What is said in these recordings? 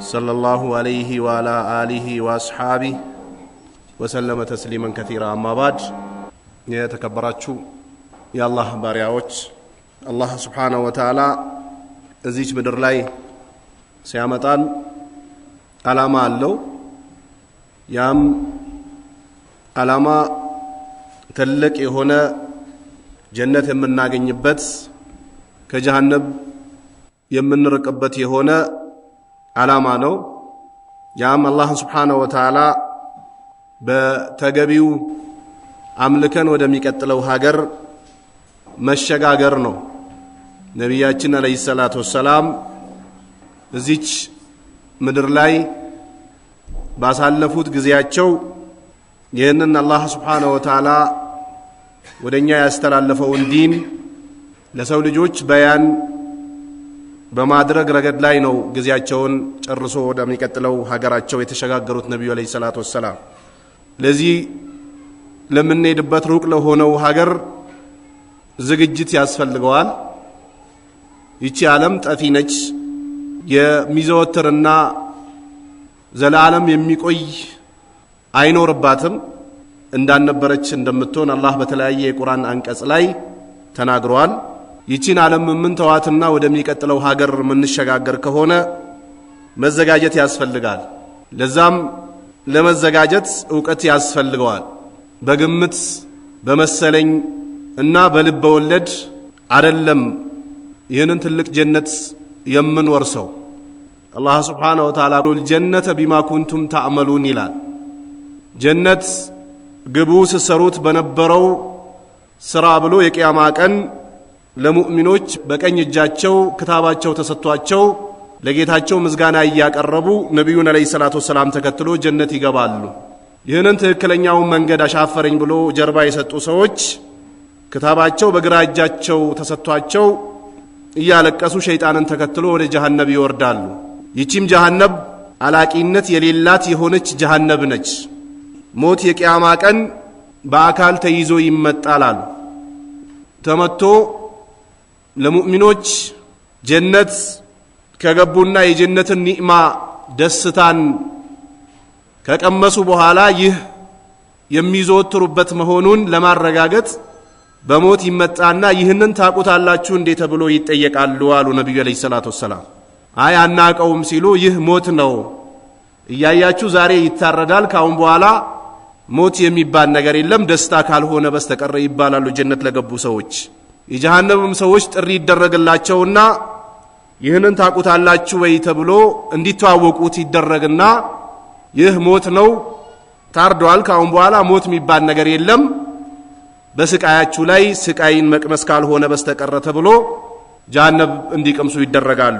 صلى الله عليه وعلى آله وأصحابه وسلم تسليما كثيرا أما بعد يا تكبراتشو يا الله بارياوت الله سبحانه وتعالى أزيج بدر على ما ምድር يام على ما تلك ያም جنة من የሆነ ጀነት የምናገኝበት ከጀሃነም የምንርቅበት هنا ዓላማ ነው። ያም አላህን ስብሓነሁ ወተዓላ በተገቢው አምልከን ወደሚቀጥለው ሀገር መሸጋገር ነው። ነቢያችን ዓለይሂ ሰላቱ ወሰላም እዚች ምድር ላይ ባሳለፉት ጊዜያቸው ይህንን አላህ ስብሓነሁ ወተዓላ ወደ እኛ ያስተላለፈውን ዲን ለሰው ልጆች በያን በማድረግ ረገድ ላይ ነው ጊዜያቸውን ጨርሶ ወደሚቀጥለው ሀገራቸው የተሸጋገሩት ነቢዩ አለይሂ ሰላቱ ወሰላም። ለዚህ ለምንሄድበት ሩቅ ለሆነው ሀገር ዝግጅት ያስፈልገዋል። ይቺ ዓለም ጠፊ ነች። የሚዘወትርና ዘላለም የሚቆይ አይኖርባትም። እንዳልነበረች እንደምትሆን አላህ በተለያየ የቁርአን አንቀጽ ላይ ተናግሯል። ይቺን ዓለም የምንተዋትና ወደሚቀጥለው ሀገር የምንሸጋገር ከሆነ መዘጋጀት ያስፈልጋል። ለዛም ለመዘጋጀት እውቀት ያስፈልገዋል። በግምት በመሰለኝ እና በልበ ወለድ አደለም ይህንን ትልቅ ጀነት የምንወርሰው። አላህ ስብሓነ ወተዓላ ልጀነተ ቢማ ኩንቱም ታዕመሉን ይላል። ጀነት ግቡ ስሰሩት በነበረው ስራ ብሎ የቅያማ ቀን ለሙእሚኖች በቀኝ እጃቸው ክታባቸው ተሰጥቷቸው ለጌታቸው ምስጋና እያቀረቡ ነቢዩን ዓለይሂ ሰላት ወሰላም ተከትሎ ጀነት ይገባሉ። ይህንን ትክክለኛውን መንገድ አሻፈረኝ ብሎ ጀርባ የሰጡ ሰዎች ክታባቸው በግራ እጃቸው ተሰጥቷቸው እያለቀሱ ሸይጣንን ተከትሎ ወደ ጀሃነብ ይወርዳሉ። ይቺም ጀሃነብ አላቂነት የሌላት የሆነች ጀሃነብ ነች። ሞት የቅያማ ቀን በአካል ተይዞ ይመጣል አሉ። ተመቶ ለሙእሚኖች ጀነት ከገቡና የጀነትን ኒዕማ ደስታን ከቀመሱ በኋላ ይህ የሚዘወትሩበት መሆኑን ለማረጋገጥ በሞት ይመጣና ይህንን ታቁታላችሁ እንዴ ተብሎ ይጠየቃሉ አሉ ነቢዩ ዓለይሂ ሰላቱ ወሰላም። አይ አናቀውም ሲሉ ይህ ሞት ነው እያያችሁ ዛሬ ይታረዳል፣ ካሁን በኋላ ሞት የሚባል ነገር የለም ደስታ ካልሆነ በስተቀረ ይባላሉ ጀነት ለገቡ ሰዎች። የጀሃነምም ሰዎች ጥሪ ይደረግላቸውና ይህንን ታቁታላችሁ ወይ ተብሎ እንዲተዋወቁት ይደረግና ይህ ሞት ነው፣ ታርዷል ካሁን በኋላ ሞት የሚባል ነገር የለም፣ በስቃያችሁ ላይ ስቃይን መቅመስ ካልሆነ በስተቀረ ተብሎ ጀሃነብ እንዲቀምሱ ይደረጋሉ።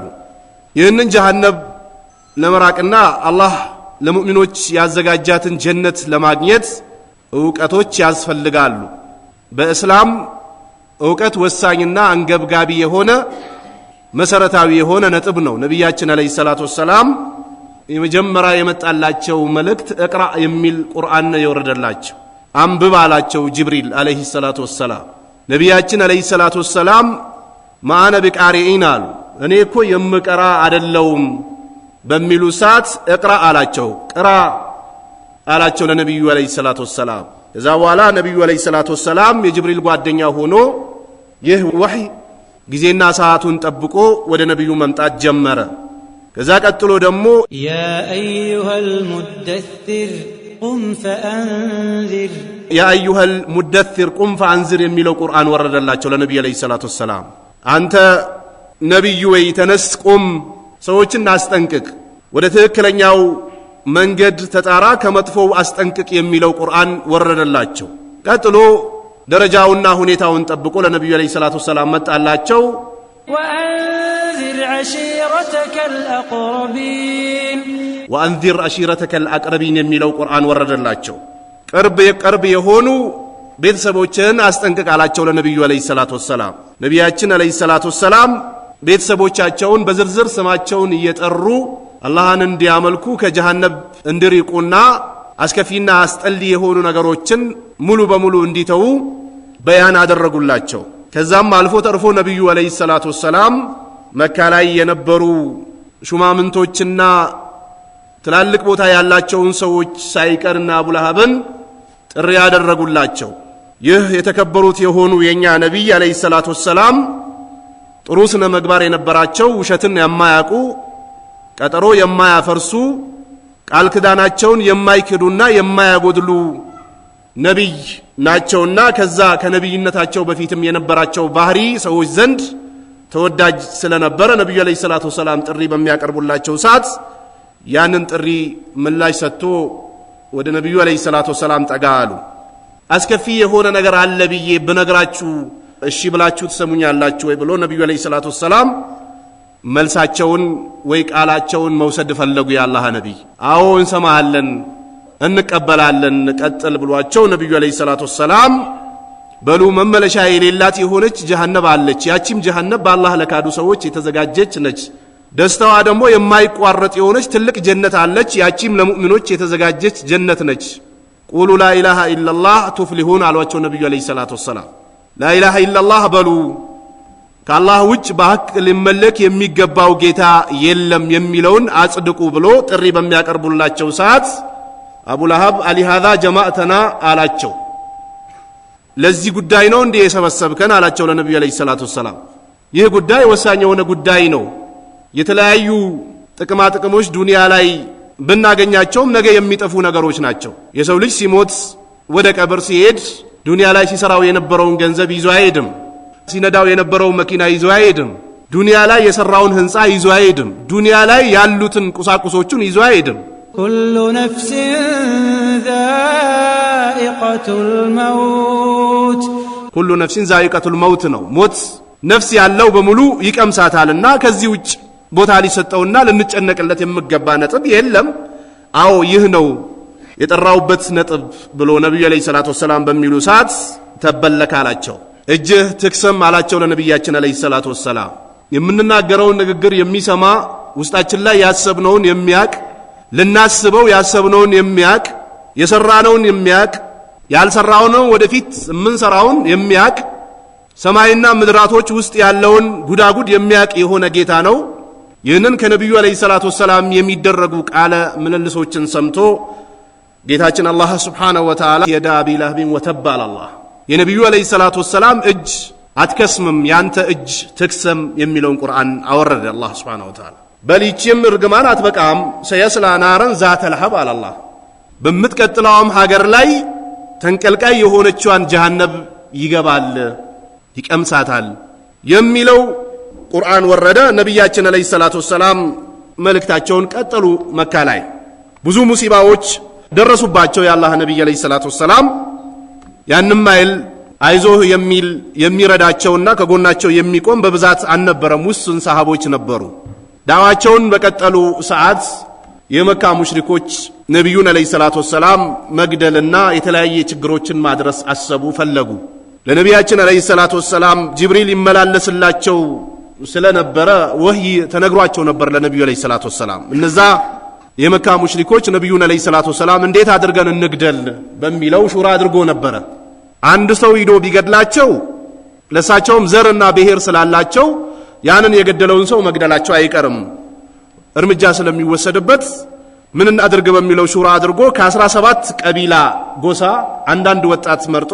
ይህንን ጀሃነብ ለመራቅና አላህ ለሙእሚኖች ያዘጋጃትን ጀነት ለማግኘት እውቀቶች ያስፈልጋሉ። በእስላም እውቀት ወሳኝና አንገብጋቢ የሆነ መሰረታዊ የሆነ ነጥብ ነው። ነቢያችን አለይሂ ሰላቱ ወሰላም የመጀመሪያ የመጣላቸው መልእክት እቅራ የሚል ቁርአን ነው የወረደላቸው። አንብብ አላቸው ጅብሪል አለይሂ ሰላቱ ወሰላም። ነቢያችን አለይሂ ሰላቱ ወሰላም ማአነ ቢቃሪኢን አሉ። እኔ እኮ የምቀራ አደለውም በሚሉ ሰዓት እቅራ አላቸው፣ ቅራ አላቸው ለነቢዩ አለይሂ ሰላቱ ወሰላም ከዛ በኋላ ነቢዩ ዓለይሂ ሰላት ወሰላም የጅብሪል ጓደኛ ሆኖ ይህ ወህይ ጊዜና ሰዓቱን ጠብቆ ወደ ነቢዩ መምጣት ጀመረ። ከዛ ቀጥሎ ደግሞ ያ አዩሃል ሙደሲር ቁም ፈአንዝር የሚለው ቁርአን ወረደላቸው ለነቢዩ ዓለይሂ ሰላት ወሰላም። አንተ ነቢዩ ወይ ተነስ፣ ቁም፣ ሰዎችን አስጠንቅቅ፣ ወደ ትክክለኛው መንገድ ተጣራ ከመጥፎው አስጠንቅቅ የሚለው ቁርአን ወረደላቸው። ቀጥሎ ደረጃውና ሁኔታውን ጠብቆ ለነቢዩ ዓለይሂ ሰላቱ ወሰላም መጣላቸው። ወአንዚር አሺረተከ ልአቅረቢን የሚለው ቁርአን ወረደላቸው። ቅርብ የቅርብ የሆኑ ቤተሰቦችን አስጠንቅቅ አላቸው ለነቢዩ ዓለይሂ ሰላቱ ወሰላም። ነቢያችን ዓለይሂ ሰላቱ ወሰላም ቤተሰቦቻቸውን በዝርዝር ስማቸውን እየጠሩ አላህን እንዲያመልኩ ከጀሃነብ እንዲርቁና አስከፊና አስጠሊ የሆኑ ነገሮችን ሙሉ በሙሉ እንዲተዉ በያን አደረጉላቸው። ከዛም አልፎ ተርፎ ነቢዩ አለይሂ ሰላቱ ወሰላም መካ ላይ የነበሩ ሹማምንቶችና ትላልቅ ቦታ ያላቸውን ሰዎች ሳይቀርና አቡላሃብን ጥሪ ያደረጉላቸው። ይህ የተከበሩት የሆኑ የእኛ ነቢይ አለይሂ ሰላቱ ወሰላም ጥሩ ስነ ምግባር የነበራቸው ውሸትን የማያውቁ ቀጠሮ የማያፈርሱ ቃል ክዳናቸውን የማይክዱና የማያጎድሉ ነቢይ ናቸውና ከዛ ከነቢይነታቸው በፊትም የነበራቸው ባህሪ ሰዎች ዘንድ ተወዳጅ ስለነበረ ነቢዩ ዓለይሂ ሰላቱ ወሰላም ጥሪ በሚያቀርቡላቸው ሰዓት ያንን ጥሪ ምላሽ ሰጥቶ ወደ ነቢዩ ዓለይሂ ሰላቱ ወሰላም ጠጋ አሉ። አስከፊ የሆነ ነገር አለ ብዬ ብነግራችሁ እሺ ብላችሁ ትሰሙኛላችሁ ወይ ብሎ ነቢዩ ዓለይሂ ሰላቱ ወሰላም መልሳቸውን ወይ ቃላቸውን መውሰድ ፈለጉ። የአላህ ነቢይ አዎ እንሰማሃለን፣ እንቀበላለን ቀጥል ብሏቸው ነቢዩ ዓለይሂ ሰላቱ ወሰላም በሉ መመለሻ የሌላት የሆነች ጀሃነብ አለች። ያቺም ጀሃነብ በአላህ ለካዱ ሰዎች የተዘጋጀች ነች። ደስታዋ ደግሞ የማይቋረጥ የሆነች ትልቅ ጀነት አለች። ያቺም ለሙእሚኖች የተዘጋጀች ጀነት ነች። ቁሉ ላኢላሃ ኢላላህ ቱፍሊሁን አሏቸው ነቢዩ ዓለይሂ ሰላቱ ወሰላም። ላኢላሃ ኢለላህ በሉ ከአላህ ውጭ በሐቅ ሊመለክ የሚገባው ጌታ የለም የሚለውን አጽድቁ ብሎ ጥሪ በሚያቀርቡላቸው ሰዓት አቡ ለሃብ አሊሃዛ ጀማዕተና አላቸው። ለዚህ ጉዳይ ነው እንዲህ የሰበሰብከን አላቸው ለነቢዩ ዓለይሂ ሰላቱ ወሰላም። ይህ ጉዳይ ወሳኝ የሆነ ጉዳይ ነው። የተለያዩ ጥቅማ ጥቅሞች ዱንያ ላይ ብናገኛቸውም ነገ የሚጠፉ ነገሮች ናቸው። የሰው ልጅ ሲሞት ወደ ቀብር ሲሄድ ዱንያ ላይ ሲሰራው የነበረውን ገንዘብ ይዞ አይሄድም። ሲነዳው የነበረው መኪና ይዞ አይሄድም። ዱንያ ላይ የሰራውን ህንፃ ይዞ አይሄድም። ዱንያ ላይ ያሉትን ቁሳቁሶቹን ይዞ አይሄድም። ኩሉ ነፍሲን ዛኢቀቱል መውት ኩሉ ነፍሲን ዛኢቀቱል መውት ነው። ሞት ነፍስ ያለው በሙሉ ይቀምሳታልና ከዚህ ውጭ ቦታ ሊሰጠውና ልንጨነቅለት የሚገባ ነጥብ የለም። አዎ ይህ ነው የጠራውበት ነጥብ ብሎ ነቢዩ ዓለይሂ ሰላቱ ወሰላም በሚሉ ሰዓት ተበለካላቸው። እጅህ ትክሰም አላቸው ለነቢያችን አለይሂ ሰላቱ ወሰላም። የምንናገረውን ንግግር የሚሰማ ውስጣችን ላይ ያሰብነውን የሚያቅ ልናስበው ያሰብነውን የሚያቅ የሰራነውን የሚያቅ ያልሰራነው ወደፊት የምንሰራውን የሚያቅ ሰማይና ምድራቶች ውስጥ ያለውን ጉዳጉድ የሚያቅ የሆነ ጌታ ነው። ይህንን ከነቢዩ አለይሂ ሰላቱ ወሰላም የሚደረጉ ቃለ ምልልሶችን ሰምቶ ጌታችን አላህ ሱብሓነሁ ወተዓላ የዳ አቢ ለህብን ወተባ የነቢዩ ዓለይሂ ሰላቱ ወሰላም እጅ አትከስምም ያንተ እጅ ትክሰም የሚለውን ቁርአን አወረደ አላህ ሱብሓነሁ ወተዓላ። በል እርግማን አትበቃም፣ ሰየስላ ናረን ዛተ ለሀብ አለ በምትቀጥለውም ሀገር ላይ ተንቀልቃይ የሆነችዋን ጀሃነብ ይገባል፣ ይቀምሳታል የሚለው ቁርአን ወረደ። ነቢያችን ዓለይሂ ሰላቱ ወሰላም መልእክታቸውን ቀጠሉ። መካ ላይ ብዙ ሙሲባዎች ደረሱባቸው የአላህ ነቢይ ዓለይሂ ሰላቱ ወሰላም ያንም አይል አይዞህ የሚል የሚረዳቸውና ከጎናቸው የሚቆም በብዛት አልነበረም፣ ውስን ሰሃቦች ነበሩ። ዳዋቸውን በቀጠሉ ሰዓት የመካ ሙሽሪኮች ነቢዩን ዓለይሂ ሰላቱ ወሰላም መግደልና የተለያየ ችግሮችን ማድረስ አሰቡ፣ ፈለጉ። ለነቢያችን ዓለይሂ ሰላቱ ወሰላም ጅብሪል ይመላለስላቸው ስለነበረ ወህይ ተነግሯቸው ነበር። ለነቢዩ ዓለይሂ ሰላቱ ወሰላም እነዛ የመካ ሙሽሪኮች ነቢዩን ዓለይሂ ሰላቱ ወሰላም እንዴት አድርገን እንግደል በሚለው ሹራ አድርጎ ነበረ። አንድ ሰው ሂዶ ቢገድላቸው ለእሳቸውም ዘርና ብሔር ስላላቸው ያንን የገደለውን ሰው መግደላቸው አይቀርም። እርምጃ ስለሚወሰድበት ምን እናድርግ በሚለው ሹራ አድርጎ ከአስራ ሰባት ቀቢላ ጎሳ አንዳንድ ወጣት መርጦ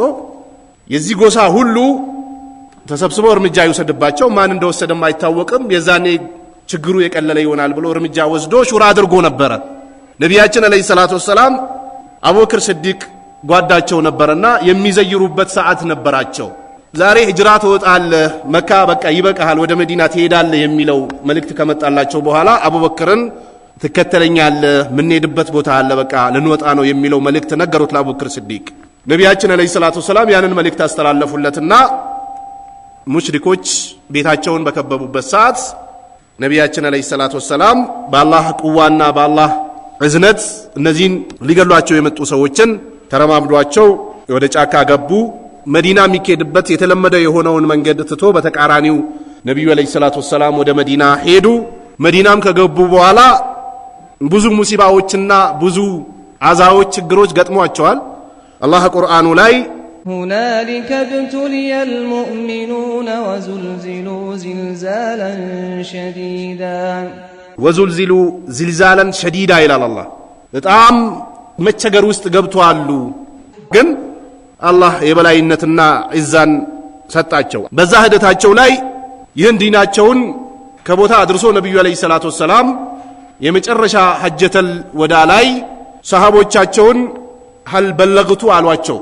የዚህ ጎሳ ሁሉ ተሰብስበው እርምጃ ይውሰድባቸው። ማን እንደወሰደም አይታወቅም። የዛኔ ችግሩ የቀለለ ይሆናል ብሎ እርምጃ ወስዶ ሹራ አድርጎ ነበረ። ነቢያችን አለይሂ ሰላቱ ወሰላም አቡበክር ስዲቅ ጓዳቸው ነበረና የሚዘይሩበት ሰዓት ነበራቸው። ዛሬ ሂጅራ ትወጣለህ፣ መካ በቃ ይበቃሃል፣ ወደ መዲና ትሄዳለህ የሚለው መልእክት ከመጣላቸው በኋላ አቡበክርን ትከተለኛለህ፣ የምንሄድበት ቦታ አለ፣ በቃ ልንወጣ ነው የሚለው መልእክት ነገሩት ለአቡበክር ስዲቅ። ነቢያችን ዓለይሂ ሰላቱ ወሰላም ያንን መልእክት አስተላለፉለትና ሙሽሪኮች ቤታቸውን በከበቡበት ሰዓት ነቢያችን ዓለይሂ ሰላቱ ወሰላም በአላህ ቁዋና በአላህ ህዝነት እነዚህን ሊገሏቸው የመጡ ሰዎችን ተረማምዷቸው ወደ ጫካ ገቡ። መዲና የሚኬድበት የተለመደ የሆነውን መንገድ ትቶ በተቃራኒው ነቢዩ ዓለይሂ ሰላቱ ወሰላም ወደ መዲና ሄዱ። መዲናም ከገቡ በኋላ ብዙ ሙሲባዎችና ብዙ አዛዎች፣ ችግሮች ገጥሟቸዋል። አላህ ቁርአኑ ላይ ሁናሊከ ብቱልየ ልሙእሚኑነ ወዙልዚሉ ዝልዛለን ሸዲዳ ወዙልዚሉ ዝልዛለን ሸዲዳ ይላል አላ። በጣም መቸገር ውስጥ አሉ። ግን አላህ የበላይነትና ዒዛን ሰጣቸው። በዛ ሂደታቸው ላይ ይህን ዲናቸውን ከቦታ አድርሶ ነቢዩ ዓለይሂ ሰላቱ ወሰላም የመጨረሻ ሐጀተል ወዳ ላይ ሰሃቦቻቸውን ሀል በለግቱ አሏቸው።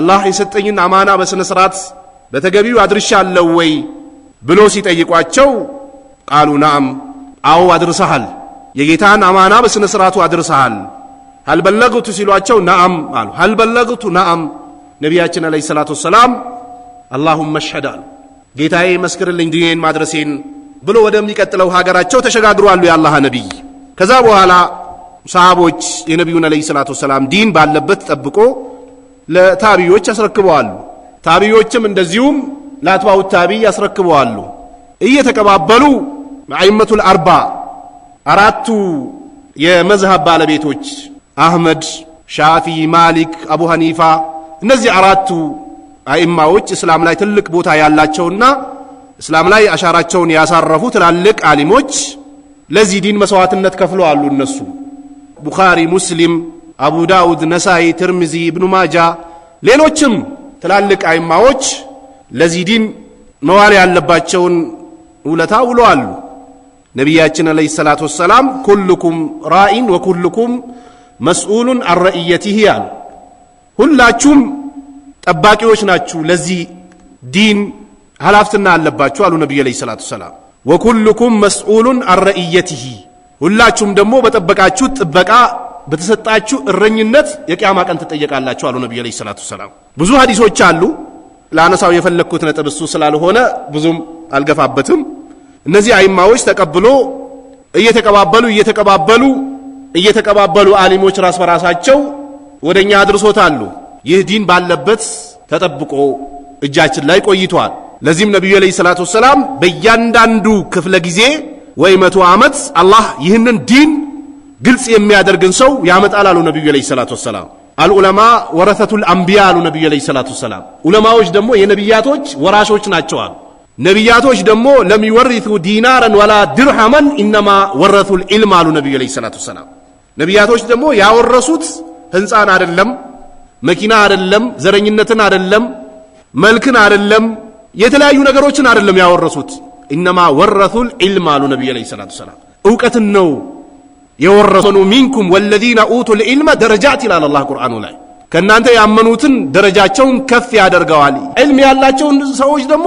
አላህ የሰጠኝን አማና በሥነ ሥርዓት በተገቢው አድርሻ አለው ወይ ብሎ ሲጠይቋቸው ቃሉ ናም አዎ አድርሰሃል፣ የጌታን አማና በሥነ ሥርዓቱ አድርሰሃል። ሀልበለግቱ ሲሏቸው ናአም አሉ። ሀልበለግቱ ናአም። ነቢያችን ዓለይሂ ሰላቱ ወሰላም አላሁመ ሽሀድ አሉ። ጌታዬ መስክርልኝ ድኔን ማድረሴን ብሎ ወደሚቀጥለው ሀገራቸው ተሸጋግሯሉ የአላህ ነቢይ። ከዛ በኋላ ሰሃቦች የነቢዩን ዓለይሂ ሰላቱ ወሰላም ዲን ባለበት ጠብቆ ለታቢዮች ያስረክበዋሉ። ታቢዎችም እንደዚሁም ለአትባው ታቢ ያስረክበዋሉ እየተቀባበሉ አኢመቱል አርባ አራቱ የመዝሃብ ባለቤቶች አህመድ፣ ሻፊ፣ ማሊክ፣ አቡ ሐኒፋ እነዚህ አራቱ አኢማዎች እስላም ላይ ትልቅ ቦታ ያላቸውና እስላም ላይ አሻራቸውን ያሳረፉ ትላልቅ አሊሞች ለዚህ ዲን መስዋዕትነት ከፍለው አሉ። እነሱ ቡኻሪ፣ ሙስሊም፣ አቡ ዳውድ፣ ነሳይ፣ ትርሚዚ፣ ኢብኑ ማጃ ሌሎችም ትላልቅ አይማዎች ለዚህ ዲን መዋል ያለባቸውን ውለታ አሉ። ነቢያችን ዓለይሂ ሰላት ወሰላም ኩልኩም ራኢን ወኩልኩም መስኡሉን አረእየቲህ አሉ። ሁላችሁም ጠባቂዎች ናችሁ፣ ለዚህ ዲን ኃላፍትና አለባችሁ አሉ ነቢዩ ዓለይሂ ሰላት ወሰላም። ወኩልኩም መስኡሉን አረእየቲህ፣ ሁላችሁም ደግሞ በጠበቃችሁ ጥበቃ በተሰጣችሁ እረኝነት የቅያማ ቀን ትጠየቃላችሁ አሉ ነቢዩ ዓለይሂ ሰላት ወሰላም። ብዙ ሀዲሶች አሉ። ለአነሳው የፈለግኩት ነጥብ እሱ ስላልሆነ ብዙም አልገፋበትም። እነዚህ አይማዎች ተቀብሎ እየተቀባበሉ እየተቀባበሉ እየተቀባበሉ አሊሞች ራስ በራሳቸው ወደ እኛ አድርሶታሉ። ይህ ዲን ባለበት ተጠብቆ እጃችን ላይ ቆይቷል። ለዚህም ነቢዩ ዓለይሂ ሰላቱ ወሰላም በእያንዳንዱ ክፍለ ጊዜ ወይ መቶ ዓመት አላህ ይህንን ዲን ግልጽ የሚያደርግን ሰው ያመጣል አሉ ነቢዩ ዓለይሂ ሰላቱ ወሰላም። አልዑለማ ወረተቱል አንቢያ አሉ ነቢዩ ዓለይሂ ሰላቱ ወሰላም። ዑለማዎች ደግሞ የነቢያቶች ወራሾች ናቸው አሉ። ነቢያቶች ደግሞ ለሚወሪቱ ዲናረን ወላ ድርሃመን ኢነማ ወረቱ ልዕልም አሉ ነቢዩ ለ ሰላቱ ወሰላም። ነቢያቶች ደግሞ ያወረሱት ህንፃን አደለም፣ መኪና አደለም፣ ዘረኝነትን አደለም፣ መልክን አደለም፣ የተለያዩ ነገሮችን አደለም ያወረሱት። ኢነማ ወረቱ ልዕልም አሉ ነቢዩ ለ ሰላቱ ወሰላም። እውቀትን ነው የወረሰኑ። ሚንኩም ወለዚነ ኡቱ ልዕልመ ደረጃት ይላል አላህ ቁርአኑ ላይ ከእናንተ ያመኑትን ደረጃቸውን ከፍ ያደርገዋል። ዕልም ያላቸውን ሰዎች ደግሞ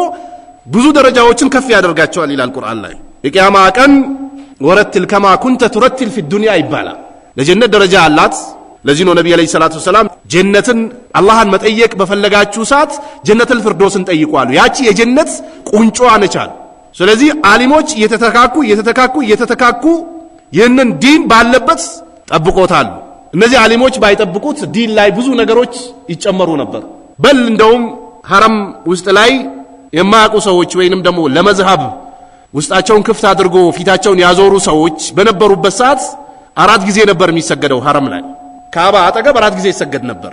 ብዙ ደረጃዎችን ከፍ ያደርጋቸዋል ይላል ቁርአን ላይ። የቅያማ ቀን ወረትል ከማ ኩንተ ቱረትል ፊ ዱንያ ይባላል። ለጀነት ደረጃ አላት። ለዚህ ነው ነቢ ለ ሰላት ሰላም ጀነትን አላህን መጠየቅ በፈለጋችሁ ሰዓት ጀነተል ፍርዶስን ጠይቋሉ። ያቺ የጀነት ቁንጮ ነች ስለዚህ አሊሞች እየተተካኩ እየተተካኩ እየተተካኩ ይህንን ዲን ባለበት ጠብቆታሉ። እነዚህ አሊሞች ባይጠብቁት ዲን ላይ ብዙ ነገሮች ይጨመሩ ነበር። በል እንደውም ሐረም ውስጥ ላይ የማያውቁ ሰዎች ወይንም ደግሞ ለመዝሃብ ውስጣቸውን ክፍት አድርጎ ፊታቸውን ያዞሩ ሰዎች በነበሩበት ሰዓት አራት ጊዜ ነበር የሚሰገደው ሐረም ላይ ካባ አጠገብ አራት ጊዜ ይሰገድ ነበር።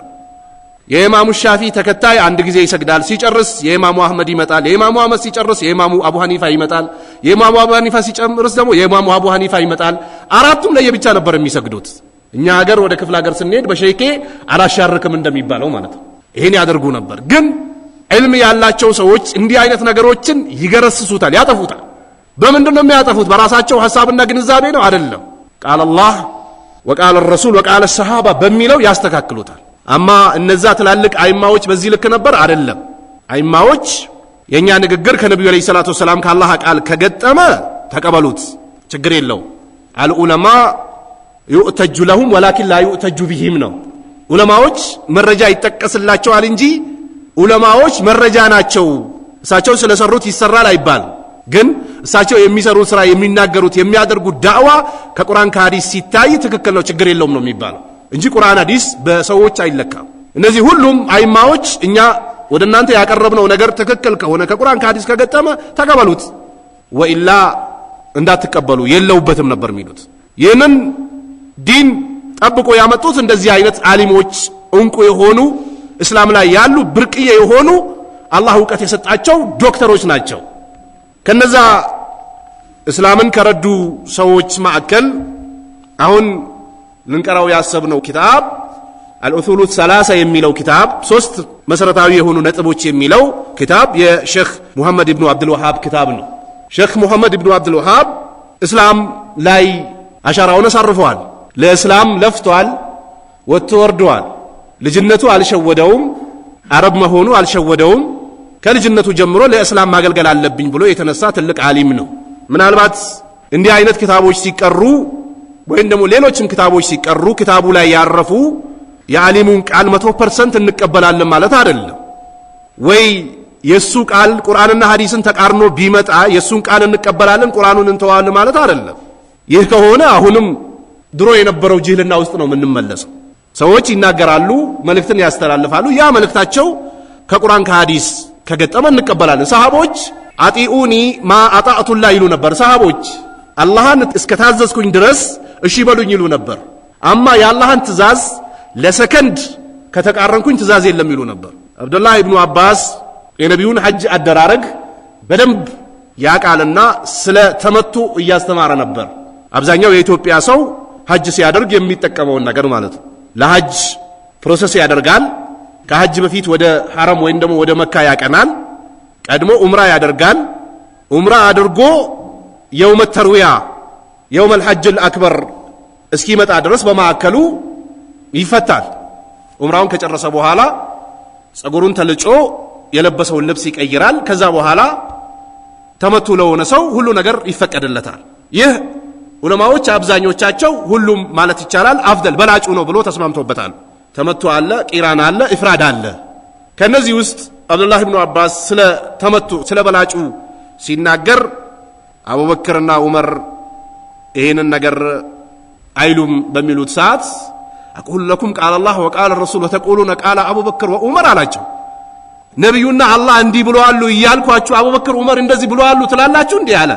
የኢማሙ ሻፊ ተከታይ አንድ ጊዜ ይሰግዳል። ሲጨርስ የኢማሙ አህመድ ይመጣል። የኢማሙ አህመድ ሲጨርስ የኢማሙ አቡ ሐኒፋ ይመጣል። የኢማሙ አቡ ሐኒፋ ሲጨርስ ደግሞ የኢማሙ አቡ ሐኒፋ ይመጣል። አራቱም ለየብቻ ነበር የሚሰግዱት። እኛ ሀገር ወደ ክፍለ ሀገር ስንሄድ በሸይኬ አላሻርክም እንደሚባለው ማለት ነው። ይህን ያደርጉ ነበር ግን ዕልም ያላቸው ሰዎች እንዲህ አይነት ነገሮችን ይገረስሱታል፣ ያጠፉታል። በምንድን ነው የሚያጠፉት? በራሳቸው ሐሳብና ግንዛቤ ነው አይደለም። ቃል አላህ ወቃል ረሱል ወቃል ሰሃባ በሚለው ያስተካክሉታል። አማ እነዛ ትላልቅ አይማዎች በዚህ ልክ ነበር አይደለም። አይማዎች የእኛ ንግግር ከነቢዩ ዓለይሂ ሰላቱ ወሰላም ከአላህ ቃል ከገጠመ ተቀበሉት፣ ችግር የለው። አልዑለማ ዩእተጁ ለሁም ወላኪን ላ ዩእተጁ ቢሂም ነው። ዑለማዎች መረጃ ይጠቀስላቸዋል እንጂ ዑለማዎች መረጃ ናቸው። እሳቸው ስለሰሩት ይሰራል አይባል፣ ግን እሳቸው የሚሰሩት ስራ የሚናገሩት የሚያደርጉት ዳዕዋ ከቁርአን ከሀዲስ ሲታይ ትክክል ነው፣ ችግር የለውም ነው የሚባለው እንጂ ቁርአን ሀዲስ በሰዎች አይለካም። እነዚህ ሁሉም አይማዎች እኛ ወደ እናንተ ያቀረብነው ነገር ትክክል ከሆነ ከቁርአን ከሀዲስ ከገጠመ ተቀበሉት፣ ወኢላ እንዳትቀበሉ የለውበትም ነበር የሚሉት። ይህንን ዲን ጠብቆ ያመጡት እንደዚህ አይነት አሊሞች እንቁ የሆኑ እስላም ላይ ያሉ ብርቅዬ የሆኑ አላህ እውቀት የሰጣቸው ዶክተሮች ናቸው። ከነዛ እስላምን ከረዱ ሰዎች ማዕከል አሁን ልንቀራው ያሰብነው ኪታብ አልኡሱሉ ሰላሳ የሚለው ኪታብ ሶስት መሰረታዊ የሆኑ ነጥቦች የሚለው ኪታብ የሼክ ሙሐመድ ኢብኑ አብዱልዋሃብ ኪታብ ነው። ሼክ ሙሐመድ ኢብኑ ወሃብ እስላም ላይ አሻራውን አሳርፈዋል። ለእስላም ለፍቷል ወጥቶ ወርደዋል። ልጅነቱ አልሸወደውም፣ አረብ መሆኑ አልሸወደውም። ከልጅነቱ ጀምሮ ለእስላም ማገልገል አለብኝ ብሎ የተነሳ ትልቅ ዓሊም ነው። ምናልባት እንዲህ አይነት ክታቦች ሲቀሩ ወይም ደግሞ ሌሎችም ክታቦች ሲቀሩ ክታቡ ላይ ያረፉ የዓሊሙን ቃል መቶ ፐርሰንት እንቀበላለን ማለት አይደለም። ወይ የእሱ ቃል ቁርአንና ሐዲስን ተቃርኖ ቢመጣ የእሱን ቃል እንቀበላለን ቁርአኑን እንተዋለን ማለት አይደለም። ይህ ከሆነ አሁንም ድሮ የነበረው ጅህልና ውስጥ ነው የምንመለሰው። ሰዎች ይናገራሉ፣ መልእክትን ያስተላልፋሉ። ያ መልእክታቸው ከቁርአን ከሐዲስ ከገጠመ እንቀበላለን። ሰሃቦች አጢኡኒ ማ አጣዕቱላ ይሉ ነበር። ሰሃቦች አላህን እስከታዘዝኩኝ ድረስ እሺ በሉኝ ይሉ ነበር። አማ የአላህን ትእዛዝ ለሰከንድ ከተቃረንኩኝ ትእዛዝ የለም ይሉ ነበር። አብዱላህ እብኑ አባስ የነቢዩን ሐጅ አደራረግ በደንብ ያቃልና ስለ ተመቱ እያስተማረ ነበር። አብዛኛው የኢትዮጵያ ሰው ሐጅ ሲያደርግ የሚጠቀመውን ነገር ማለት ነው። ለሐጅ ፕሮሰስ ያደርጋል። ከሐጅ በፊት ወደ ሐረም ወይም ደግሞ ወደ መካ ያቀናል። ቀድሞ ኡምራ ያደርጋል። ኡምራ አድርጎ የውመ ተርዊያ የውመ ልሐጅል አክበር እስኪመጣ ድረስ በማዕከሉ ይፈታል። ኡምራውን ከጨረሰ በኋላ ጸጉሩን ተልጮ የለበሰውን ልብስ ይቀይራል። ከዛ በኋላ ተመቱ ለሆነ ሰው ሁሉ ነገር ይፈቀድለታል። ይህ ዑለማዎች አብዛኞቻቸው ሁሉም ማለት ይቻላል አፍደል በላጩ ነው ብሎ ተስማምቶበታል። ተመቶ አለ፣ ቂራን አለ፣ ኢፍራድ አለ። ከነዚህ ውስጥ አብዱላህ ብኑ አባስ ስለ ተመቶ ስለ በላጩ ሲናገር አቡበክርና ዑመር ይህንን ነገር አይሉም በሚሉት ሰዓት አቁሉ ለኩም ቃለ አላህ ወቃለ ረሱል ወተቁሉነ ቃለ አቡበክር ወዑመር አላቸው። ነቢዩና አላህ እንዲህ ብለዋሉ እያልኳችሁ አቡበክር ዑመር እንደዚህ ብለዋሉ ትላላችሁ? እንዲህ አለ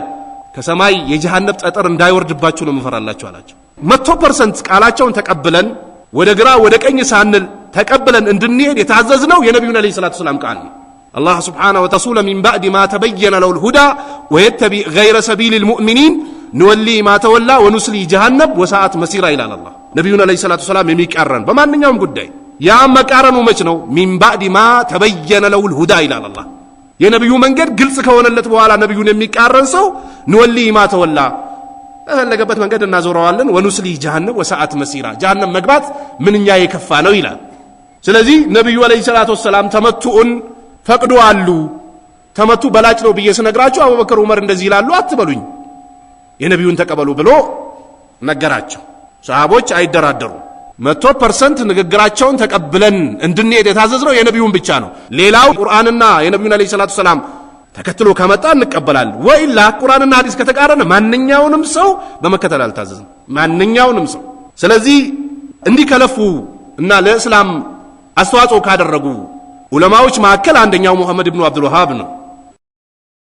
ከሰማይ የጀሃነብ ጠጠር እንዳይወርድባችሁ ነው ምፈራላችሁ አላቸው። መቶ ፐርሰንት ቃላቸውን ተቀብለን ወደ ግራ ወደ ቀኝ ሳንል ተቀብለን እንድንሄድ የታዘዝነው የነቢዩን ዓለይሂ ሰላቱ ሰላም ቃል ነው። አላህ ስብሓነሁ ወተዓላ ሚን ባዕድ ማ ተበየነ ለሁል ሁዳ ወየተቢዕ ገይረ ሰቢሊል ሙእሚኒን ንወሊ ማ ተወላ ወኑስሊ ጀሃነም ወሰዓት መሲራ ይላል አላህ። ነቢዩን ዓለይሂ ሰላቱ ሰላም የሚቃረን በማንኛውም ጉዳይ ያ መቃረኑ መች ነው? ሚን ባዕድ ማ ተበየነ ለሁል ሁዳ ይላል አላህ የነቢዩ መንገድ ግልጽ ከሆነለት በኋላ ነቢዩን የሚቃረን ሰው ንወሊ ማ ተወላ በፈለገበት መንገድ እናዞረዋለን። ወኑስሊ ጀሃነም ወሰዓት መሲራ ጀሃነም መግባት ምንኛ የከፋ ነው ይላል። ስለዚህ ነቢዩ ዓለይሂ ሰላቱ ወሰላም ተመቱኡን ፈቅዶ አሉ። ተመቱ በላጭ ነው ብዬ ስነግራችሁ አቡበከር ዑመር እንደዚህ ይላሉ አትበሉኝ፣ የነቢዩን ተቀበሉ ብሎ ነገራቸው። ሰሃቦች አይደራደሩም። መቶ ፐርሰንት ንግግራቸውን ተቀብለን እንድንሄድ የታዘዝነው የነቢዩን ብቻ ነው። ሌላው ቁርአንና የነቢዩን ዓለይሂ ሰላቱ ሰላም ተከትሎ ከመጣ እንቀበላለን። ወይላ ቁርአንና ሐዲስ ከተቃረነ ማንኛውንም ሰው በመከተል አልታዘዝም። ማንኛውንም ሰው ስለዚህ እንዲህ ከለፉ እና ለእስላም አስተዋጽኦ ካደረጉ ዑለማዎች መካከል አንደኛው ሙሐመድ ብኑ አብዱልዋሃብ ነው።